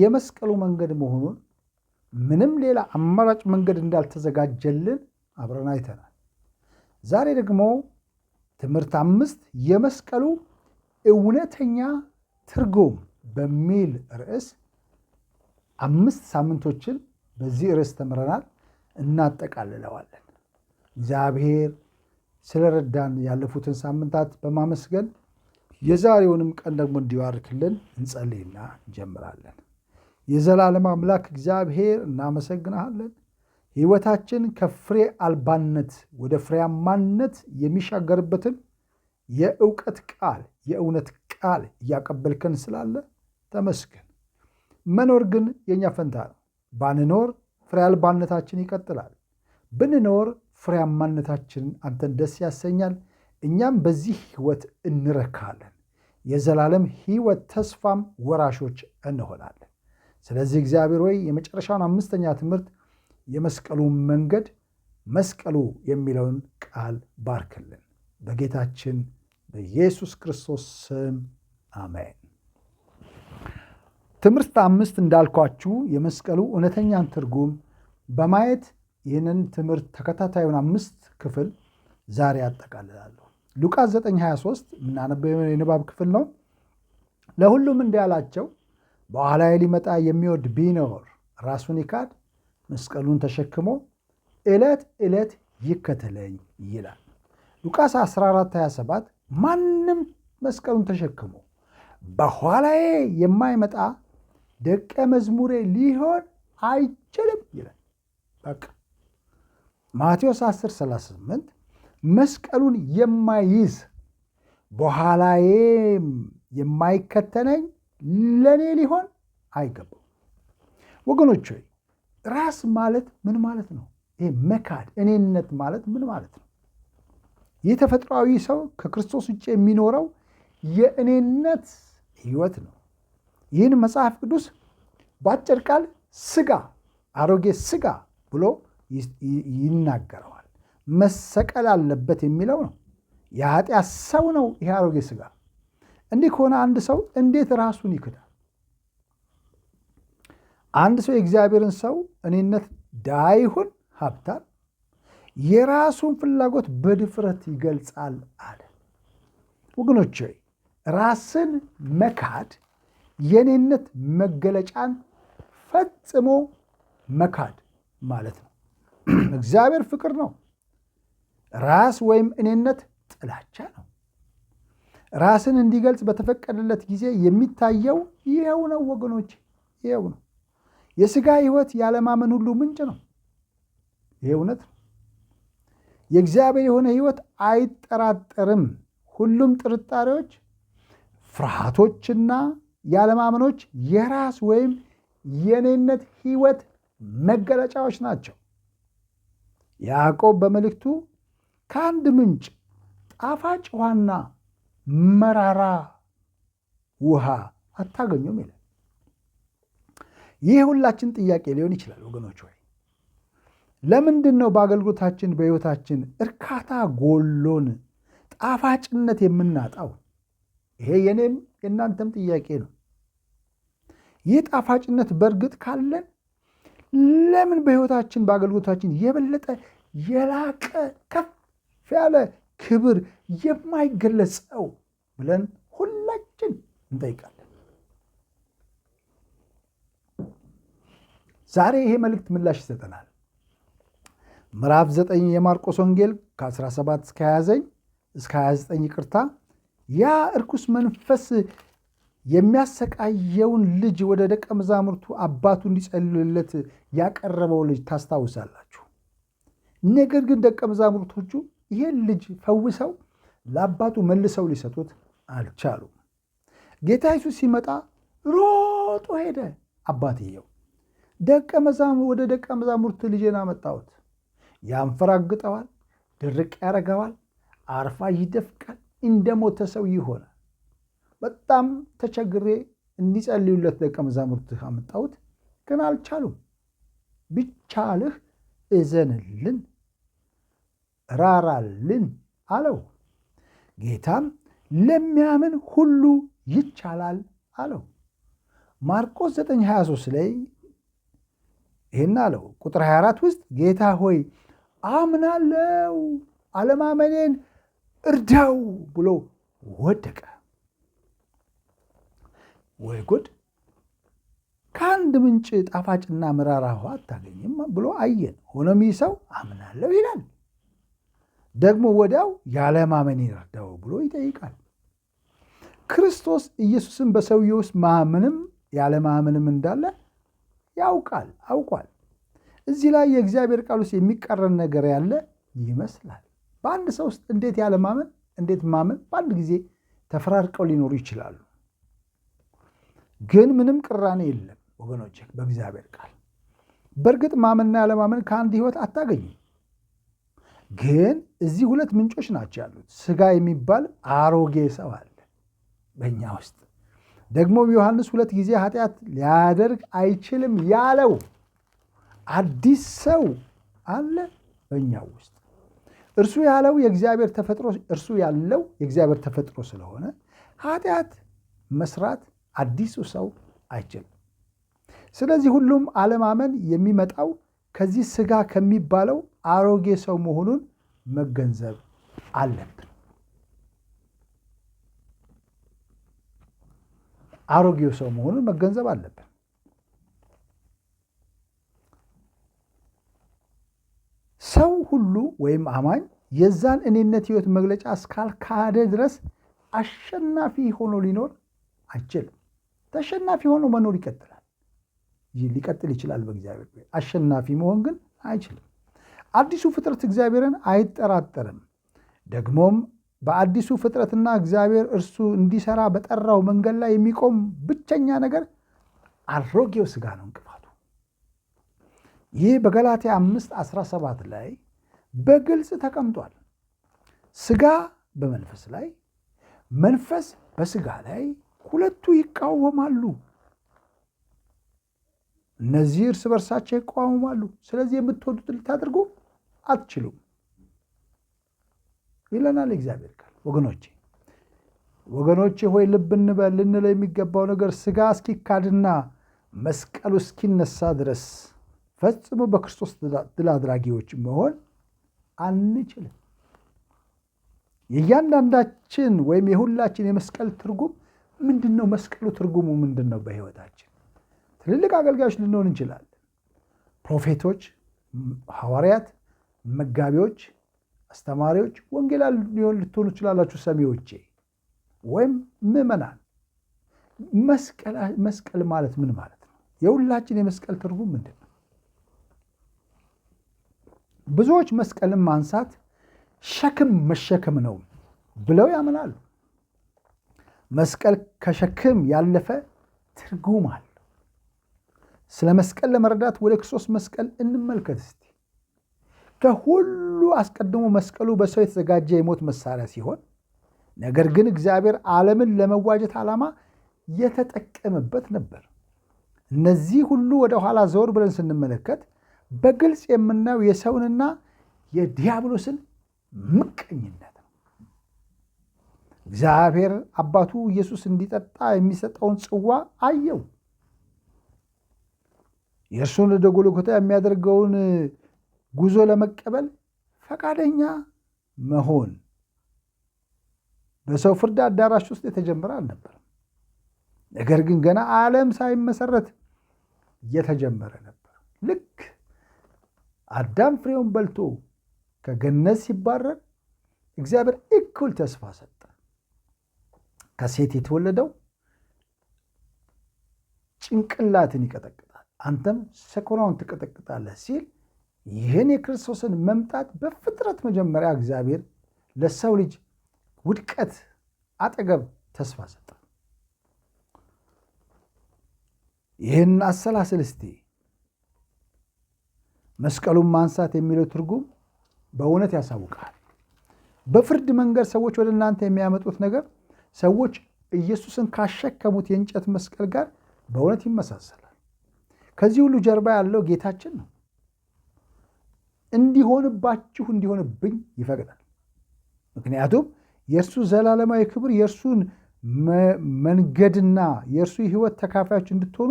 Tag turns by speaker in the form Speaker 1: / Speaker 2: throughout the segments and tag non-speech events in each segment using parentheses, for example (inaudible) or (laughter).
Speaker 1: የመስቀሉ መንገድ መሆኑን ምንም ሌላ አማራጭ መንገድ እንዳልተዘጋጀልን አብረን አይተናል። ዛሬ ደግሞ ትምህርት አምስት የመስቀሉ እውነተኛ ትርጉም በሚል ርዕስ አምስት ሳምንቶችን በዚህ ርዕስ ተምረናል፣ እናጠቃልለዋለን። እግዚአብሔር ስለረዳን ያለፉትን ሳምንታት በማመስገን የዛሬውንም ቀን ደግሞ እንዲባርክልን እንጸልይና እንጀምራለን። የዘላለም አምላክ እግዚአብሔር እናመሰግናሃለን። ሕይወታችን ከፍሬ አልባነት ወደ ፍሬያማነት የሚሻገርበትን የእውቀት ቃል የእውነት ቃል እያቀበልከን ስላለ ተመስገን። መኖር ግን የእኛ ፈንታ ነው። ባንኖር ፍሬ አልባነታችን ይቀጥላል። ብንኖር ፍሬያማነታችንን አንተን ደስ ያሰኛል። እኛም በዚህ ሕይወት እንረካለን። የዘላለም ሕይወት ተስፋም ወራሾች እንሆናለን። ስለዚህ እግዚአብሔር ወይ የመጨረሻውን አምስተኛ ትምህርት የመስቀሉን መንገድ መስቀሉ የሚለውን ቃል ባርክልን። በጌታችን በኢየሱስ ክርስቶስ ስም አሜን። ትምህርት አምስት እንዳልኳችሁ የመስቀሉ እውነተኛን ትርጉም በማየት ይህንን ትምህርት ተከታታዩን አምስት ክፍል ዛሬ አጠቃልላለሁ። ሉቃስ 9 23 የምናነበው የንባብ ክፍል ነው። ለሁሉም እንዲህ አላቸው በኋላ ሊመጣ የሚወድ ቢኖር ራሱን ይካድ፣ መስቀሉን ተሸክሞ ዕለት ዕለት ይከተለኝ ይላል። ሉቃስ 14፥27 ማንም መስቀሉን ተሸክሞ በኋላዬ የማይመጣ ደቀ መዝሙሬ ሊሆን አይችልም ይላል። በቃ ማቴዎስ 10፥38 መስቀሉን የማይይዝ በኋላዬም የማይከተለኝ ለእኔ ሊሆን አይገባም። ወገኖች ሆይ ራስ ማለት ምን ማለት ነው? ይሄ መካድ እኔነት ማለት ምን ማለት ነው? ይህ ተፈጥሯዊ ሰው ከክርስቶስ ውጭ የሚኖረው የእኔነት ህይወት ነው። ይህን መጽሐፍ ቅዱስ በአጭር ቃል ስጋ አሮጌ ስጋ ብሎ ይናገረዋል። መሰቀል አለበት የሚለው ነው። የኃጢአት ሰው ነው ይሄ አሮጌ ስጋ። እንዲህ ከሆነ አንድ ሰው እንዴት ራሱን ይክዳል? አንድ ሰው የእግዚአብሔርን ሰው እኔነት ድሃ ይሁን ሀብታም የራሱን ፍላጎት በድፍረት ይገልጻል አለ። ወገኖች ሆይ ራስን መካድ የእኔነት መገለጫን ፈጽሞ መካድ ማለት ነው። (clears throat) እግዚአብሔር ፍቅር ነው። ራስ ወይም እኔነት ጥላቻ ነው። ራስን እንዲገልጽ በተፈቀደለት ጊዜ የሚታየው ይኸው ነው ወገኖች፣ ይኸው ነው። የሥጋ ሕይወት ያለማመን ሁሉ ምንጭ ነው። ይሄ እውነት ነው። የእግዚአብሔር የሆነ ሕይወት አይጠራጠርም። ሁሉም ጥርጣሬዎች፣ ፍርሃቶችና ያለማመኖች የራስ ወይም የኔነት ሕይወት መገለጫዎች ናቸው። ያዕቆብ በመልእክቱ ከአንድ ምንጭ ጣፋጭ ውሃና መራራ ውሃ አታገኙም ይላል። ይህ ሁላችን ጥያቄ ሊሆን ይችላል ወገኖች ወይ ለምንድን ነው በአገልግሎታችን በሕይወታችን እርካታ ጎሎን ጣፋጭነት የምናጣው? ይሄ የኔም የእናንተም ጥያቄ ነው። ይህ ጣፋጭነት በእርግጥ ካለን ለምን በሕይወታችን በአገልግሎታችን የበለጠ የላቀ ከፍ ያለ ክብር የማይገለጸው ብለን ሁላችን እንጠይቃለን። ዛሬ ይሄ መልእክት ምላሽ ይሰጠናል። ምዕራፍ 9 የማርቆስ ወንጌል ከ17 እስከ 29 እስከ 29 ይቅርታ፣ ያ እርኩስ መንፈስ የሚያሰቃየውን ልጅ ወደ ደቀ መዛሙርቱ አባቱ እንዲጸልልለት ያቀረበው ልጅ ታስታውሳላችሁ። ነገር ግን ደቀ መዛሙርቶቹ ይሄን ልጅ ፈውሰው ለአባቱ መልሰው ሊሰጡት አልቻሉም። ጌታ ኢየሱስ ሲመጣ ሮጦ ሄደ። አባትየው ደቀ መዛሙር ወደ ደቀ መዛሙርት ልጄን አመጣሁት። ያንፈራግጠዋል፣ ድርቅ ያረገዋል አርፋ ይደፍቃል፣ እንደ ሞተ ሰው ይሆናል። በጣም ተቸግሬ እንዲጸልዩለት ደቀ መዛሙርት አመጣሁት፣ ግን አልቻሉም። ቢቻልህ እዘንልን፣ ራራልን አለው። ጌታም ለሚያምን ሁሉ ይቻላል አለው። ማርቆስ 9፥23 ላይ ይህን አለው። ቁጥር 24 ውስጥ ጌታ ሆይ አምናለው፣ አለማመኔን እርዳው ብሎ ወደቀ። ወይ ጉድ! ከአንድ ምንጭ ጣፋጭና ምራራ ውሃ አታገኝም ብሎ አየን። ሆኖም ይህ ሰው አምናለሁ ይላል። ደግሞ ወዲያው ያለማመን ይረዳው ብሎ ይጠይቃል። ክርስቶስ ኢየሱስን በሰውዬ ውስጥ ማመንም ያለማመንም እንዳለ ያውቃል አውቋል። እዚህ ላይ የእግዚአብሔር ቃል ውስጥ የሚቀረን ነገር ያለ ይመስላል። በአንድ ሰው ውስጥ እንዴት ያለማመን እንዴት ማመን በአንድ ጊዜ ተፈራርቀው ሊኖሩ ይችላሉ። ግን ምንም ቅራኔ የለም ወገኖች በእግዚአብሔር ቃል። በእርግጥ ማመንና ያለማመን ከአንድ ህይወት አታገኝም ግን እዚህ ሁለት ምንጮች ናቸው ያሉት። ስጋ የሚባል አሮጌ ሰው አለ በእኛ ውስጥ ደግሞ ዮሐንስ ሁለት ጊዜ ኃጢአት ሊያደርግ አይችልም ያለው አዲስ ሰው አለ በእኛ ውስጥ። እርሱ ያለው የእግዚአብሔር ተፈጥሮ እርሱ ያለው የእግዚአብሔር ተፈጥሮ ስለሆነ ኃጢአት መስራት አዲሱ ሰው አይችልም። ስለዚህ ሁሉም አለማመን የሚመጣው ከዚህ ስጋ ከሚባለው አሮጌ ሰው መሆኑን መገንዘብ አለብን። አሮጌው ሰው መሆኑን መገንዘብ አለብን። ሰው ሁሉ ወይም አማኝ የዛን እኔነት ህይወት መግለጫ እስካልካደ ድረስ አሸናፊ ሆኖ ሊኖር አይችልም። ተሸናፊ ሆኖ መኖር ይቀጥላል ሊቀጥል ይችላል በእግዚአብሔር አሸናፊ መሆን ግን አይችልም። አዲሱ ፍጥረት እግዚአብሔርን አይጠራጠርም። ደግሞም በአዲሱ ፍጥረትና እግዚአብሔር እርሱ እንዲሰራ በጠራው መንገድ ላይ የሚቆም ብቸኛ ነገር አሮጌው ስጋ ነው እንቅፋቱ። ይህ በገላትያ 5 17 ላይ በግልጽ ተቀምጧል። ስጋ በመንፈስ ላይ፣ መንፈስ በስጋ ላይ ሁለቱ ይቃወማሉ። እነዚህ እርስ በርሳቸው ይቃወማሉ። ስለዚህ የምትወዱት ልታደርጉ አትችሉም ይለናል እግዚአብሔር ቃል። ወገኖቼ ወገኖቼ ሆይ ልብ እንበል። ልንለው የሚገባው ነገር ስጋ እስኪካድና መስቀሉ እስኪነሳ ድረስ ፈጽሞ በክርስቶስ ድል አድራጊዎች መሆን አንችልም። የእያንዳንዳችን ወይም የሁላችን የመስቀል ትርጉም ምንድን ነው? መስቀሉ ትርጉሙ ምንድን ነው? በህይወታችን ትልልቅ አገልጋዮች ልንሆን እንችላለን። ፕሮፌቶች፣ ሐዋርያት፣ መጋቢዎች፣ አስተማሪዎች፣ ወንጌላ ሊሆን ልትሆኑ ትችላላችሁ ሰሚዎቼ ወይም ምዕመናን። መስቀል ማለት ምን ማለት ነው? የሁላችን የመስቀል ትርጉም ምንድን ነው? ብዙዎች መስቀልን ማንሳት ሸክም መሸክም ነው ብለው ያምናሉ። መስቀል ከሸክም ያለፈ ትርጉም አለው። ስለ መስቀል ለመረዳት ወደ ክርስቶስ መስቀል እንመልከት እስቲ። ከሁሉ አስቀድሞ መስቀሉ በሰው የተዘጋጀ የሞት መሳሪያ ሲሆን ነገር ግን እግዚአብሔር ዓለምን ለመዋጀት ዓላማ የተጠቀመበት ነበር። እነዚህ ሁሉ ወደ ኋላ ዘወር ብለን ስንመለከት በግልጽ የምናየው የሰውንና የዲያብሎስን ምቀኝነት ነው። እግዚአብሔር አባቱ ኢየሱስ እንዲጠጣ የሚሰጠውን ጽዋ አየው። የእርሱን ወደ የሚያደርገውን ጉዞ ለመቀበል ፈቃደኛ መሆን በሰው ፍርድ አዳራሽ ውስጥ የተጀመረ አልነበርም። ነገር ግን ገና ዓለም ሳይመሰረት እየተጀመረ ነበር። ልክ አዳም ፍሬውን በልቶ ከገነት ሲባረር እግዚአብሔር እኩል ተስፋ ሰጠ። ከሴት የተወለደው ጭንቅላትን ይቀጠቅጣል፣ አንተም ሰኮናውን ትቀጠቅጣለህ ሲል ይህን የክርስቶስን መምጣት በፍጥረት መጀመሪያ እግዚአብሔር ለሰው ልጅ ውድቀት አጠገብ ተስፋ ሰጠ። ይህን አሰላስል እስቲ። መስቀሉን ማንሳት የሚለው ትርጉም በእውነት ያሳውቃል። በፍርድ መንገድ ሰዎች ወደ እናንተ የሚያመጡት ነገር ሰዎች ኢየሱስን ካሸከሙት የእንጨት መስቀል ጋር በእውነት ይመሳሰላል። ከዚህ ሁሉ ጀርባ ያለው ጌታችን ነው። እንዲሆንባችሁ እንዲሆንብኝ ይፈቅዳል። ምክንያቱም የእርሱ ዘላለማዊ ክብር የእርሱን መንገድና የእርሱ ህይወት ተካፋዮች እንድትሆኑ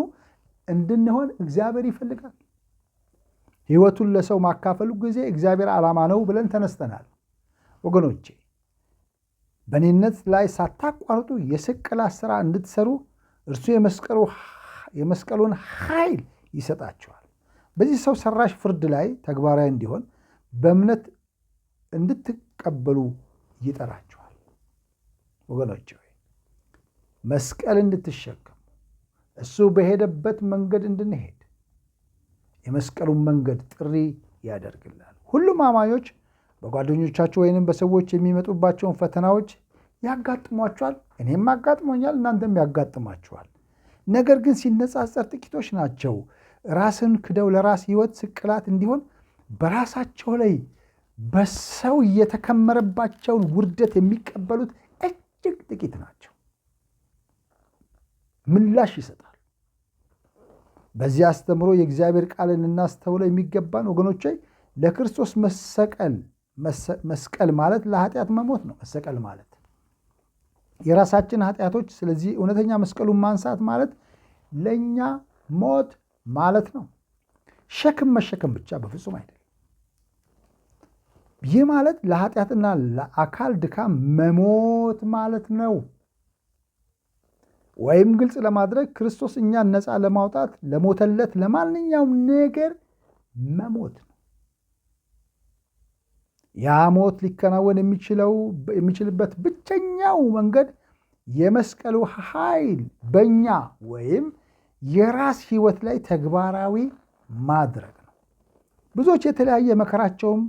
Speaker 1: እንድንሆን እግዚአብሔር ይፈልጋል። ህይወቱን ለሰው ማካፈሉ ጊዜ እግዚአብሔር ዓላማ ነው ብለን ተነስተናል። ወገኖቼ በእኔነት ላይ ሳታቋርጡ የስቅላት ስራ እንድትሰሩ እርሱ የመስቀሉን ኃይል ይሰጣችኋል። በዚህ ሰው ሰራሽ ፍርድ ላይ ተግባራዊ እንዲሆን በእምነት እንድትቀበሉ ይጠራችኋል። ወገኖች ሆይ መስቀል እንድትሸከሙ እሱ በሄደበት መንገድ እንድንሄድ የመስቀሉን መንገድ ጥሪ ያደርግላል። ሁሉም አማኞች በጓደኞቻቸው ወይንም በሰዎች የሚመጡባቸውን ፈተናዎች ያጋጥሟቸዋል። እኔም አጋጥሞኛል፣ እናንተም ያጋጥማችኋል። ነገር ግን ሲነጻጸር ጥቂቶች ናቸው ራስን ክደው ለራስ ህይወት ስቅላት እንዲሆን በራሳቸው ላይ በሰው የተከመረባቸውን ውርደት የሚቀበሉት እጅግ ጥቂት ናቸው። ምላሽ ይሰጣል። በዚህ አስተምሮ የእግዚአብሔር ቃልን እናስተውለው የሚገባን ወገኖች፣ ለክርስቶስ መሰቀል መስቀል ማለት ለኃጢአት መሞት ነው። መሰቀል ማለት የራሳችን ኃጢአቶች፣ ስለዚህ እውነተኛ መስቀሉን ማንሳት ማለት ለእኛ ሞት ማለት ነው። ሸክም መሸከም ብቻ በፍጹም አይደለም። ይህ ማለት ለኃጢአትና ለአካል ድካም መሞት ማለት ነው። ወይም ግልጽ ለማድረግ ክርስቶስ እኛን ነፃ ለማውጣት ለሞተለት ለማንኛውም ነገር መሞት ነው። ያ ሞት ሊከናወን የሚችልበት ብቸኛው መንገድ የመስቀሉ ኃይል በእኛ ወይም የራስ ህይወት ላይ ተግባራዊ ማድረግ ነው። ብዙዎች የተለያየ መከራቸውም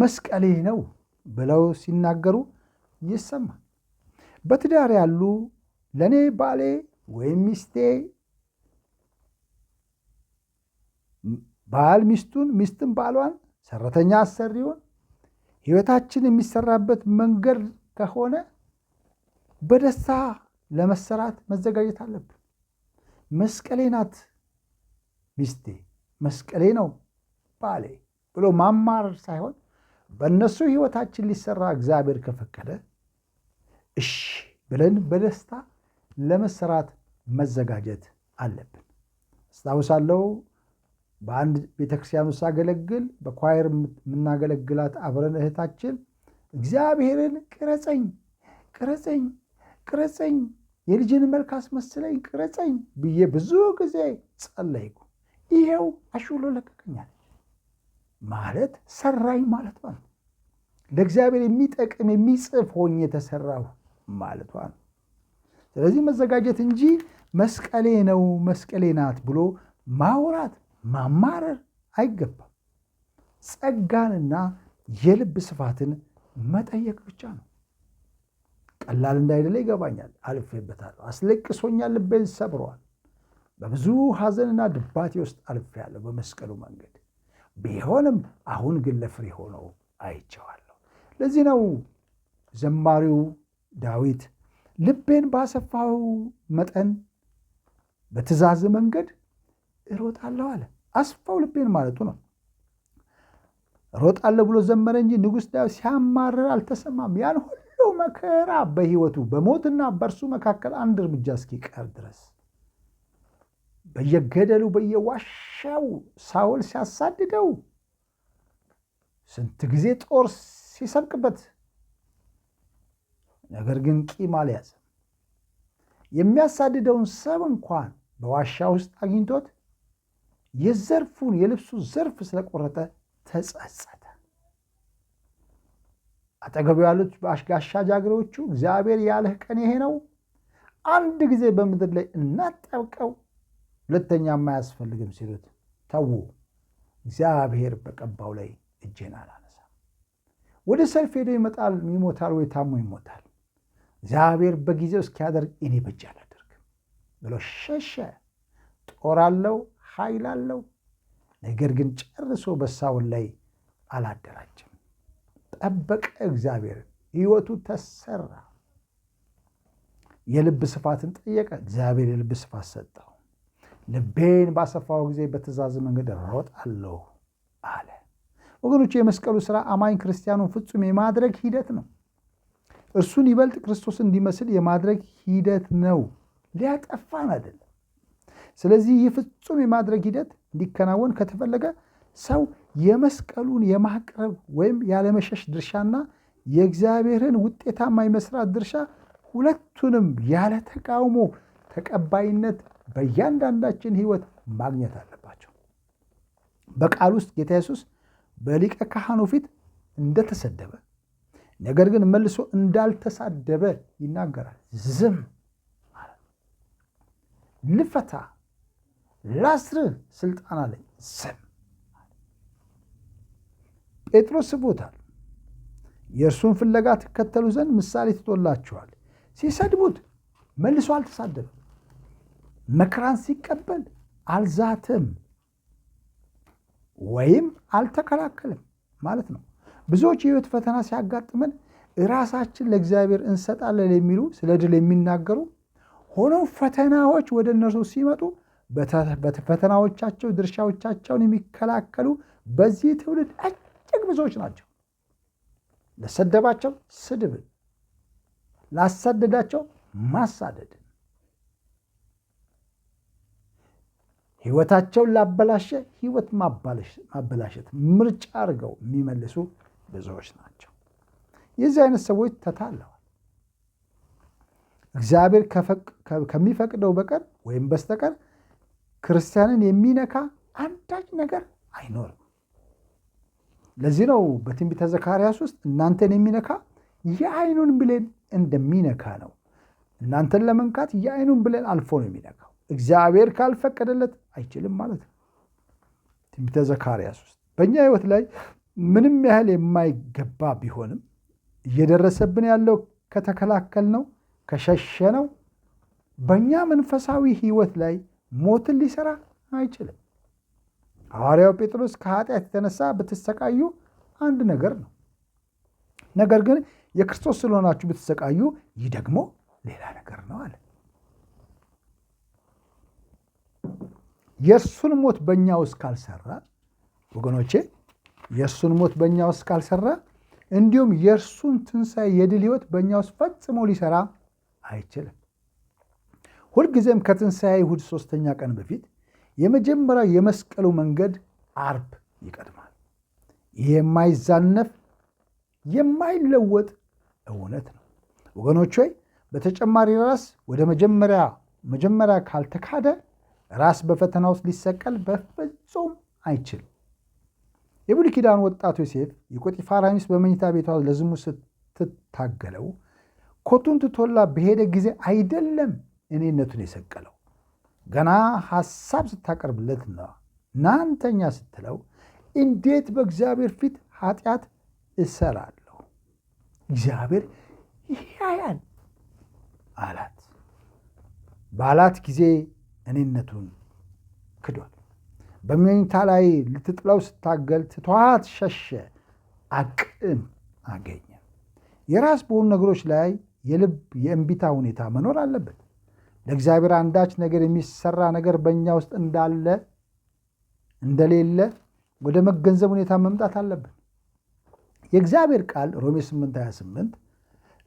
Speaker 1: መስቀሌ ነው ብለው ሲናገሩ ይሰማል። በትዳር ያሉ ለእኔ ባሌ ወይም ሚስቴ ባል ሚስቱን፣ ሚስትን ባሏን፣ ሰራተኛ አሰሪውን ህይወታችን የሚሰራበት መንገድ ከሆነ በደስታ ለመሰራት መዘጋጀት አለብን። መስቀሌ ናት ሚስቴ፣ መስቀሌ ነው ባሌ ብሎ ማማር ሳይሆን በእነሱ ህይወታችን ሊሰራ እግዚአብሔር ከፈቀደ እሺ ብለን በደስታ ለመሰራት መዘጋጀት አለብን። አስታውሳለሁ በአንድ ቤተክርስቲያን ውስጥ ሳገለግል በኳየር የምናገለግላት አብረን እህታችን እግዚአብሔርን ቅረጸኝ ቅረጸኝ ቅረጸኝ የልጅን መልክ አስመስለኝ ቅረጸኝ ብዬ ብዙ ጊዜ ጸለይኩ። ይሄው አሹሎ ለቀቀኛል ማለት ሰራኝ ማለቷ ነው። ለእግዚአብሔር የሚጠቅም የሚጽፍ ሆኜ የተሰራሁ ማለቷ ነው። ስለዚህ መዘጋጀት እንጂ መስቀሌ ነው መስቀሌ ናት ብሎ ማውራት ማማረር አይገባም። ጸጋንና የልብ ስፋትን መጠየቅ ብቻ ነው። ቀላል እንዳይደለ ይገባኛል። አልፌበታለሁ። አስለቅሶኛል። ልቤን ሰብረዋል። በብዙ ሐዘንና ድባቴ ውስጥ አልፌያለሁ በመስቀሉ መንገድ። ቢሆንም አሁን ግን ለፍሬ ሆኖ አይቼዋለሁ። ለዚህ ነው ዘማሪው ዳዊት ልቤን ባሰፋው መጠን በትእዛዝ መንገድ እሮጣለሁ አለ። አስፋው ልቤን ማለቱ ነው። እሮጣለሁ ብሎ ዘመረ እንጂ ንጉሥ ዳዊት ሲያማርር አልተሰማም። ያን ሁሉ ሁሉ መከራ በሕይወቱ በሞትና በእርሱ መካከል አንድ እርምጃ እስኪቀር ድረስ በየገደሉ በየዋሻው ሳውል ሲያሳድደው ስንት ጊዜ ጦር ሲሰብቅበት፣ ነገር ግን ቂም አልያዘም። የሚያሳድደውን ሰብ እንኳን በዋሻ ውስጥ አግኝቶት የዘርፉን የልብሱ ዘርፍ ስለቆረጠ ተጸጸተ። አጠገቡ ያሉት አሽጋሻ ጃግሬዎቹ እግዚአብሔር ያለህ ቀን ይሄ ነው፣ አንድ ጊዜ በምድር ላይ እናጠብቀው፣ ሁለተኛም አያስፈልግም ሲሉት ተዉ፣ እግዚአብሔር በቀባው ላይ እጄን አላነሳም። ወደ ሰልፍ ሄዶ ይመጣል ይሞታል፣ ወይ ታሞ ይሞታል። እግዚአብሔር በጊዜው እስኪያደርግ እኔ በእጄ አላደርግም ብሎ ሸሸ። ጦር አለው፣ ኃይል አለው። ነገር ግን ጨርሶ በሳውን ላይ አላደራጀም። ጠበቀ እግዚአብሔር ህይወቱ ተሰራ። የልብ ስፋትን ጠየቀ። እግዚአብሔር የልብ ስፋት ሰጠው። ልቤን ባሰፋው ጊዜ በትእዛዝ መንገድ ሮጣለሁ አለ። ወገኖቹ የመስቀሉ ስራ አማኝ ክርስቲያኑን ፍጹም የማድረግ ሂደት ነው። እርሱን ይበልጥ ክርስቶስ እንዲመስል የማድረግ ሂደት ነው። ሊያጠፋን አይደለም። ስለዚህ ይህ ፍጹም የማድረግ ሂደት እንዲከናወን ከተፈለገ ሰው የመስቀሉን የማቅረብ ወይም ያለመሸሽ ድርሻና የእግዚአብሔርን ውጤታማ የመስራት ድርሻ ሁለቱንም ያለ ተቃውሞ ተቀባይነት በእያንዳንዳችን ሕይወት ማግኘት አለባቸው። በቃል ውስጥ ጌታ ኢየሱስ በሊቀ ካህኑ ፊት እንደተሰደበ ነገር ግን መልሶ እንዳልተሳደበ ይናገራል። ዝም ልፈታ ላስርህ ስልጣን አለኝ ዝም ጴጥሮስ ስቦታል። የእርሱን ፍለጋ ትከተሉ ዘንድ ምሳሌ ትቶላችኋል። ሲሰድቡት መልሶ አልተሳደበም። መከራን ሲቀበል አልዛትም ወይም አልተከላከልም ማለት ነው። ብዙዎች የህይወት ፈተና ሲያጋጥመን ራሳችን ለእግዚአብሔር እንሰጣለን የሚሉ ስለ ድል የሚናገሩ ሆነው ፈተናዎች ወደ እነርሱ ሲመጡ በፈተናዎቻቸው ድርሻዎቻቸውን የሚከላከሉ በዚህ ትውልድ እጅግ ብዙዎች ናቸው። ለሰደባቸው ስድብን፣ ላሳደዳቸው ማሳደድን፣ ህይወታቸውን ላበላሸ ህይወት ማበላሸት ምርጫ አድርገው የሚመልሱ ብዙዎች ናቸው። የዚህ አይነት ሰዎች ተታለዋል። እግዚአብሔር ከሚፈቅደው በቀር ወይም በስተቀር ክርስቲያንን የሚነካ አንዳች ነገር አይኖርም። ለዚህ ነው በትንቢተ ዘካርያስ ውስጥ እናንተን የሚነካ የዓይኑን ብሌን እንደሚነካ ነው። እናንተን ለመንካት የዓይኑን ብሌን አልፎ ነው የሚነካው። እግዚአብሔር ካልፈቀደለት አይችልም ማለት ነው። ትንቢተ ዘካርያስ ውስጥ በእኛ ሕይወት ላይ ምንም ያህል የማይገባ ቢሆንም እየደረሰብን ያለው ከተከላከል ነው ከሸሸ ነው በእኛ መንፈሳዊ ሕይወት ላይ ሞትን ሊሰራ አይችልም። ሐዋርያው ጴጥሮስ ከኃጢአት የተነሳ ብትሰቃዩ አንድ ነገር ነው። ነገር ግን የክርስቶስ ስለሆናችሁ ብትሰቃዩ፣ ይህ ደግሞ ሌላ ነገር ነው አለ። የእርሱን ሞት በእኛ ውስጥ ካልሰራ ወገኖቼ፣ የእርሱን ሞት በእኛ ውስጥ ካልሰራ እንዲሁም የእርሱን ትንሣኤ የድል ሕይወት በእኛ ውስጥ ፈጽሞ ሊሰራ አይችልም። ሁልጊዜም ከትንሣኤ ይሁድ ሦስተኛ ቀን በፊት የመጀመሪያው የመስቀሉ መንገድ አርብ ይቀድማል። ይህ የማይዛነፍ የማይለወጥ እውነት ነው። ወገኖች ሆይ በተጨማሪ ራስ ወደ መጀመሪያ መጀመሪያ ካልተካደ ራስ በፈተና ውስጥ ሊሰቀል በፍጹም አይችልም። የብሉይ ኪዳን ወጣቱ ዮሴፍ የጶጢፋራ ሚስት በመኝታ ቤቷ ለዝሙት ስትታገለው ኮቱን ትቶላ በሄደ ጊዜ አይደለም እኔነቱን የሰቀለው ገና ሐሳብ ስታቀርብለት ነው። ናንተኛ ስትለው እንዴት በእግዚአብሔር ፊት ኃጢአት እሰራለሁ? እግዚአብሔር ይህ አላት። ባላት ጊዜ እኔነቱን ክዷል። በመኝታ ላይ ልትጥለው ስታገል ትቷት ሸሸ። አቅም አገኘ። የራስ በሆኑ ነገሮች ላይ የልብ የእንቢታ ሁኔታ መኖር አለበት። ለእግዚአብሔር አንዳች ነገር የሚሰራ ነገር በእኛ ውስጥ እንዳለ እንደሌለ ወደ መገንዘብ ሁኔታ መምጣት አለብን። የእግዚአብሔር ቃል ሮሜ 8 28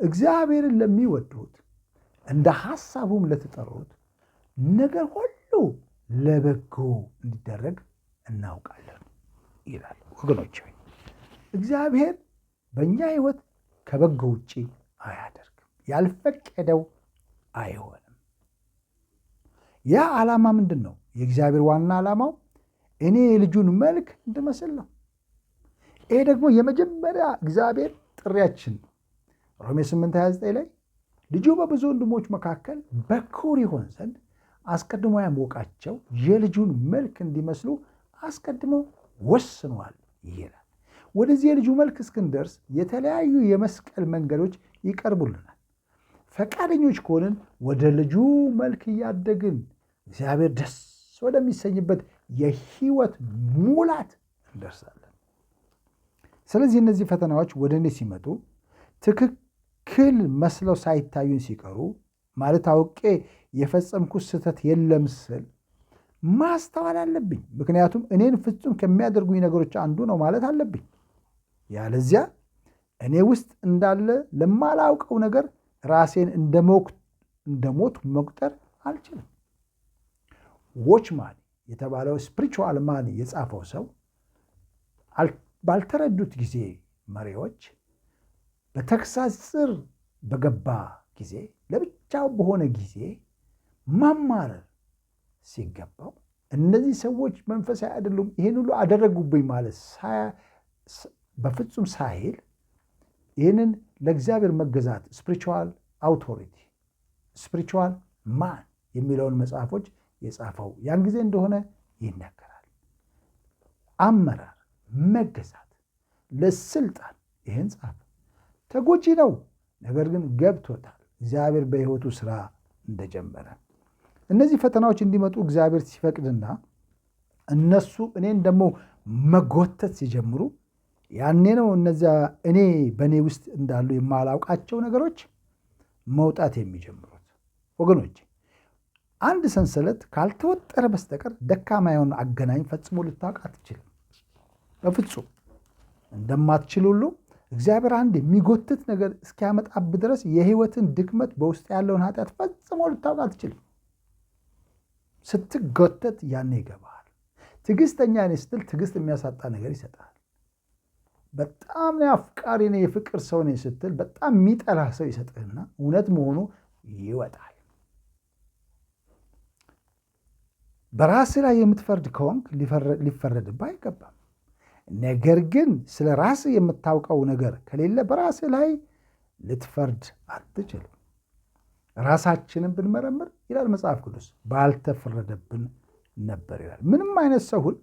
Speaker 1: እግዚአብሔርን ለሚወዱት እንደ ሐሳቡም ለተጠሩት ነገር ሁሉ ለበጎ እንዲደረግ እናውቃለን ይላል። ወገኖች እግዚአብሔር በእኛ ሕይወት ከበጎ ውጪ አያደርግም። ያልፈቀደው አይሆንም። ያ ዓላማ ምንድን ነው? የእግዚአብሔር ዋና ዓላማው እኔ የልጁን መልክ እንድመስል ነው። ይሄ ደግሞ የመጀመሪያ እግዚአብሔር ጥሪያችን ሮሜ 8 29 ላይ ልጁ በብዙ ወንድሞች መካከል በኩር ይሆን ዘንድ አስቀድሞ ያወቃቸው የልጁን መልክ እንዲመስሉ አስቀድሞ ወስኗል ይላል። ወደዚህ የልጁ መልክ እስክንደርስ የተለያዩ የመስቀል መንገዶች ይቀርቡልናል። ፈቃደኞች ከሆንን ወደ ልጁ መልክ እያደግን እግዚአብሔር ደስ ወደሚሰኝበት የህይወት ሙላት እንደርሳለን። ስለዚህ እነዚህ ፈተናዎች ወደ እኔ ሲመጡ ትክክል መስለው ሳይታዩን ሲቀሩ ማለት አውቄ የፈጸምኩት ስህተት የለም ስል ማስተዋል አለብኝ። ምክንያቱም እኔን ፍጹም ከሚያደርጉኝ ነገሮች አንዱ ነው ማለት አለብኝ። ያለዚያ እኔ ውስጥ እንዳለ ለማላውቀው ነገር ራሴን እንደ ሞት መቁጠር አልችልም። ዎችማን የተባለው ስፕሪቹዋል ማን የጻፈው ሰው ባልተረዱት ጊዜ መሪዎች በተክሳስ ጽር በገባ ጊዜ ለብቻው በሆነ ጊዜ ማማረር ሲገባው እነዚህ ሰዎች መንፈሳዊ አይደሉም፣ ይህን ሁሉ አደረጉብኝ ማለት በፍጹም ሳይል ይህንን ለእግዚአብሔር መገዛት ስፕሪቹዋል አውቶሪቲ ስፕሪቹዋል ማን የሚለውን መጽሐፎች የጻፈው ያን ጊዜ እንደሆነ ይነገራል። አመራር መገዛት ለስልጣን ይህን ጻፈ። ተጎጂ ነው፣ ነገር ግን ገብቶታል እግዚአብሔር በሕይወቱ ስራ እንደጀመረ። እነዚህ ፈተናዎች እንዲመጡ እግዚአብሔር ሲፈቅድና እነሱ እኔን ደግሞ መጎተት ሲጀምሩ ያኔ ነው እነዚያ እኔ በእኔ ውስጥ እንዳሉ የማላውቃቸው ነገሮች መውጣት የሚጀምሩት። ወገኖች አንድ ሰንሰለት ካልተወጠረ በስተቀር ደካማ የሆነ አገናኝ ፈጽሞ ልታውቅ አትችልም። በፍጹም እንደማትችል ሁሉ እግዚአብሔር አንድ የሚጎትት ነገር እስኪያመጣብ ድረስ የህይወትን ድክመት፣ በውስጥ ያለውን ኃጢአት ፈጽሞ ልታውቅ አትችልም። ስትጎተት ያኔ ይገባል ትዕግስተኛ ነኝ ስትል ትዕግስት የሚያሳጣ ነገር ይሰጣል። በጣም ነው አፍቃሪ ነው የፍቅር ሰው ነኝ ስትል በጣም የሚጠላ ሰው ይሰጥህና እውነት መሆኑ ይወጣል። በራስ ላይ የምትፈርድ ከሆንክ ሊፈረድብህ አይገባም። ነገር ግን ስለ ራስ የምታውቀው ነገር ከሌለ በራስ ላይ ልትፈርድ አትችልም። ራሳችንን ብንመረምር ይላል መጽሐፍ ቅዱስ ባልተፈረደብን ነበር ይላል። ምንም አይነት ሰውን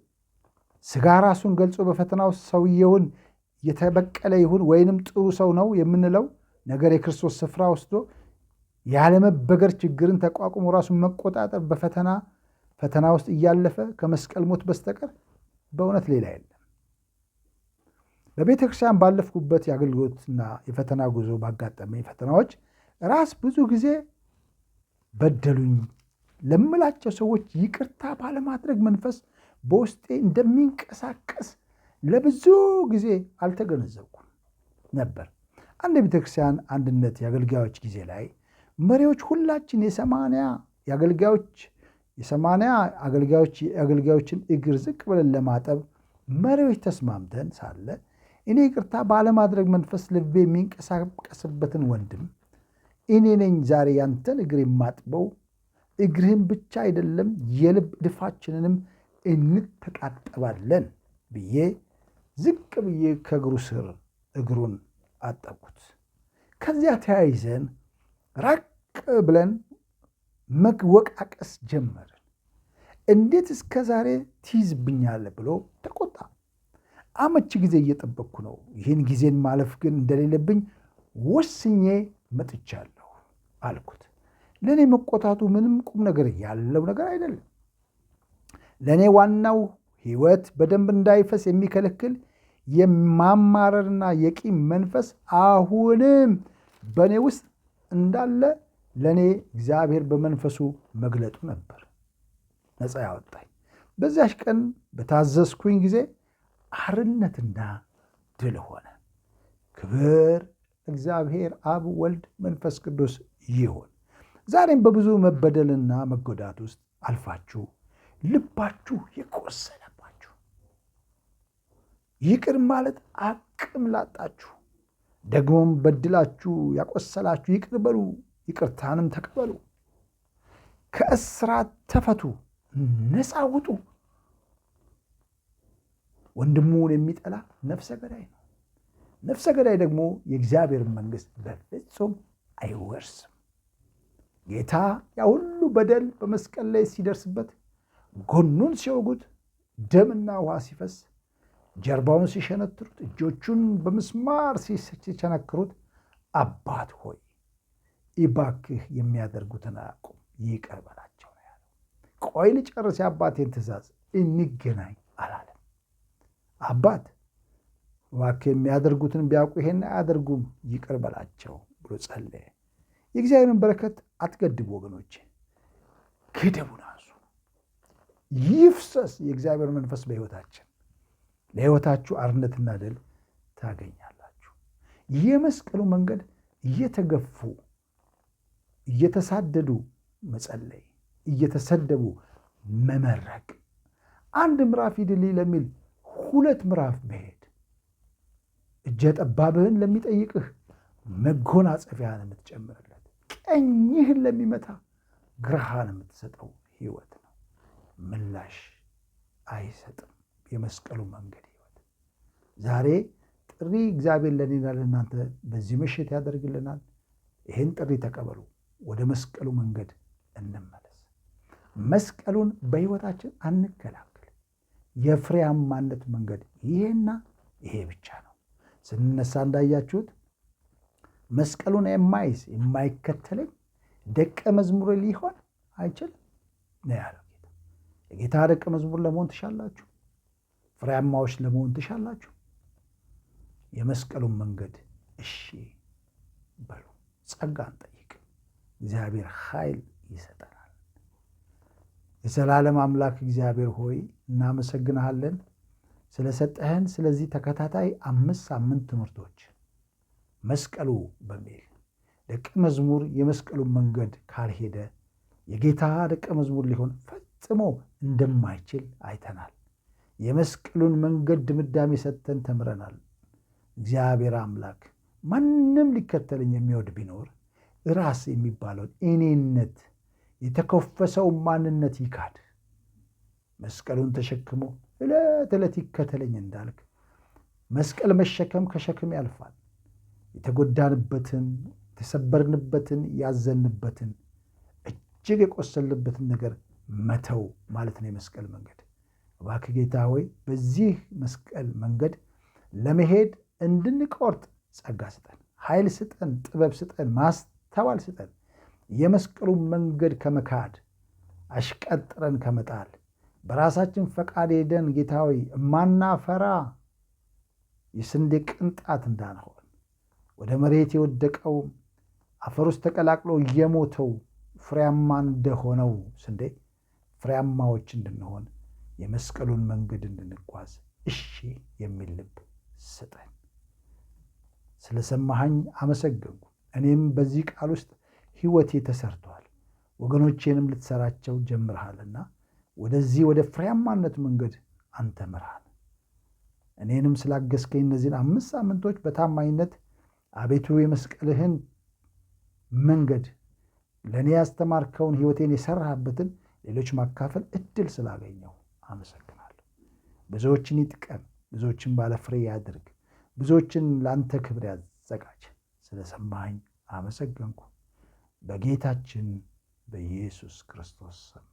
Speaker 1: ስጋ ራሱን ገልጾ በፈተናው ሰውየውን የተበቀለ ይሁን ወይንም ጥሩ ሰው ነው የምንለው ነገር የክርስቶስ ስፍራ ወስዶ ያለመበገር ችግርን ተቋቁሞ ራሱን መቆጣጠር በፈተና ፈተና ውስጥ እያለፈ ከመስቀል ሞት በስተቀር በእውነት ሌላ የለም። በቤተ ክርስቲያን ባለፍኩበት የአገልግሎትና የፈተና ጉዞ ባጋጠመኝ ፈተናዎች ራስ ብዙ ጊዜ በደሉኝ ለምላቸው ሰዎች ይቅርታ ባለማድረግ መንፈስ በውስጤ እንደሚንቀሳቀስ ለብዙ ጊዜ አልተገነዘብኩም ነበር። አንድ የቤተክርስቲያን አንድነት የአገልጋዮች ጊዜ ላይ መሪዎች ሁላችን የሰማንያ የአገልጋዮች የሰማንያ አገልጋዮች የአገልጋዮችን እግር ዝቅ ብለን ለማጠብ መሪዎች ተስማምተን ሳለ እኔ ይቅርታ ባለማድረግ መንፈስ ልቤ የሚንቀሳቀስበትን ወንድም እኔ ነኝ ዛሬ ያንተን እግር የማጥበው እግርህን ብቻ አይደለም የልብ ድፋችንንም እንተቃጠባለን ብዬ ዝቅ ብዬ ከእግሩ ስር እግሩን አጠብኩት። ከዚያ ተያይዘን ራቅ ብለን መወቃቀስ ጀመርን። እንዴት እስከ ዛሬ ትይዝብኛለ ብሎ ተቆጣ። አመቺ ጊዜ እየጠበቅኩ ነው። ይህን ጊዜን ማለፍ ግን እንደሌለብኝ ወስኜ መጥቻለሁ አልኩት። ለእኔ መቆጣቱ ምንም ቁም ነገር ያለው ነገር አይደለም። ለእኔ ዋናው ሕይወት በደንብ እንዳይፈስ የሚከለክል የማማረርና የቂም መንፈስ አሁንም በእኔ ውስጥ እንዳለ ለእኔ እግዚአብሔር በመንፈሱ መግለጡ ነበር ነፃ ያወጣኝ። በዚያች ቀን በታዘዝኩኝ ጊዜ አርነትና ድል ሆነ። ክብር እግዚአብሔር አብ፣ ወልድ፣ መንፈስ ቅዱስ ይሁን። ዛሬም በብዙ መበደልና መጎዳት ውስጥ አልፋችሁ ልባችሁ የቆሰለ ይቅር ማለት አቅም ላጣችሁ ደግሞም በድላችሁ ያቆሰላችሁ ይቅር በሉ፣ ይቅርታንም ተቀበሉ። ከእስራት ተፈቱ፣ ነፃ ውጡ። ወንድሙን የሚጠላ ነፍሰ ገዳይ ነው። ነፍሰ ገዳይ ደግሞ የእግዚአብሔር መንግሥት በፍጹም አይወርስም። ጌታ ያ ሁሉ በደል በመስቀል ላይ ሲደርስበት፣ ጎኑን ሲወጉት፣ ደምና ውሃ ሲፈስ ጀርባውን ሲሸነትሩት፣ እጆቹን በምስማር ሲቸነክሩት፣ አባት ሆይ እባክህ የሚያደርጉትን አያውቁም ይቅር በላቸው ነው ያለው። ቆይ ልጨርስ የአባቴን ትእዛዝ እንገናኝ አላለም። አባት እባክህ የሚያደርጉትን ቢያውቁ ይሄን አያደርጉም ይቅር በላቸው ብሎ ጸለየ። የእግዚአብሔርን በረከት አትገድቡ ወገኖቼ፣ ክደቡን አንሱ። ይፍሰስ የእግዚአብሔር መንፈስ በሕይወታችን ለሕይወታችሁ አርነትና ድል ታገኛላችሁ። ይህ የመስቀሉ መንገድ እየተገፉ እየተሳደዱ መጸለይ፣ እየተሰደቡ መመረቅ፣ አንድ ምዕራፍ ሂድልኝ ለሚል ሁለት ምዕራፍ መሄድ፣ እጀ ጠባብህን ለሚጠይቅህ መጎናጸፊያን የምትጨምርለት፣ ቀኝህን ለሚመታ ግራሃን የምትሰጠው ህይወት ነው። ምላሽ አይሰጥም። የመስቀሉ መንገድ ህይወት ዛሬ ጥሪ እግዚአብሔር ለኔና ለእናንተ በዚህ ምሽት ያደርግልናል። ይህን ጥሪ ተቀበሉ። ወደ መስቀሉ መንገድ እንመለስ። መስቀሉን በህይወታችን አንከላከል። የፍሬያማነት መንገድ ይሄና ይሄ ብቻ ነው። ስንነሳ እንዳያችሁት መስቀሉን የማይዝ የማይከተለኝ ደቀ መዝሙር ሊሆን አይችልም ነው ያለው ጌታ። የጌታ ደቀ መዝሙር ለመሆን ትሻላችሁ? ፍሬያማዎች ለመሆን ትሻላችሁ? የመስቀሉን መንገድ እሺ በሉ። ጸጋን ጠይቅ፣ እግዚአብሔር ኃይል ይሰጠናል። የዘላለም አምላክ እግዚአብሔር ሆይ እናመሰግንሃለን ስለሰጠህን ስለዚህ ተከታታይ አምስት ሳምንት ትምህርቶች መስቀሉ በሚል ደቀ መዝሙር የመስቀሉን መንገድ ካልሄደ የጌታ ደቀ መዝሙር ሊሆን ፈጽሞ እንደማይችል አይተናል። የመስቀሉን መንገድ ድምዳሜ ሰጥተን ተምረናል። እግዚአብሔር አምላክ ማንም ሊከተለኝ የሚወድ ቢኖር ራስ የሚባለውን እኔነት የተኮፈሰውን ማንነት ይካድ፣ መስቀሉን ተሸክሞ ዕለት ዕለት ይከተለኝ እንዳልክ መስቀል መሸከም ከሸክም ያልፋል። የተጎዳንበትን፣ የተሰበርንበትን፣ ያዘንበትን እጅግ የቆሰልንበትን ነገር መተው ማለት ነው የመስቀል መንገድ። እባክህ ጌታ ሆይ በዚህ መስቀል መንገድ ለመሄድ እንድንቆርጥ ጸጋ ስጠን፣ ኃይል ስጠን፣ ጥበብ ስጠን፣ ማስተዋል ስጠን። የመስቀሉን መንገድ ከመካድ አሽቀጥረን ከመጣል በራሳችን ፈቃድ ሄደን ጌታ ሆይ እማናፈራ የስንዴ ቅንጣት እንዳንሆን ወደ መሬት የወደቀው አፈር ውስጥ ተቀላቅሎ የሞተው ፍሬያማ እንደሆነው ስንዴ ፍሬያማዎች እንድንሆን የመስቀሉን መንገድ እንድንጓዝ እሺ የሚል ልብ ስጠን። ስለሰማሃኝ አመሰገንኩ። እኔም በዚህ ቃል ውስጥ ሕይወቴ ተሰርተዋል። ወገኖቼንም ልትሰራቸው ጀምረሃልና ወደዚህ ወደ ፍሬያማነት መንገድ አንተ ምርሃል። እኔንም ስላገዝከኝ እነዚህን አምስት ሳምንቶች በታማኝነት አቤቱ የመስቀልህን መንገድ ለእኔ ያስተማርከውን ሕይወቴን የሰራህበትን ሌሎች ማካፈል እድል ስላገኘው አመሰግናለሁ። ብዙዎችን ይጥቀም፣ ብዙዎችን ባለፍሬ ያድርግ፣ ብዙዎችን ለአንተ ክብር ያዘጋጅ። ስለሰማኸኝ አመሰገንኩ። በጌታችን በኢየሱስ ክርስቶስ ስም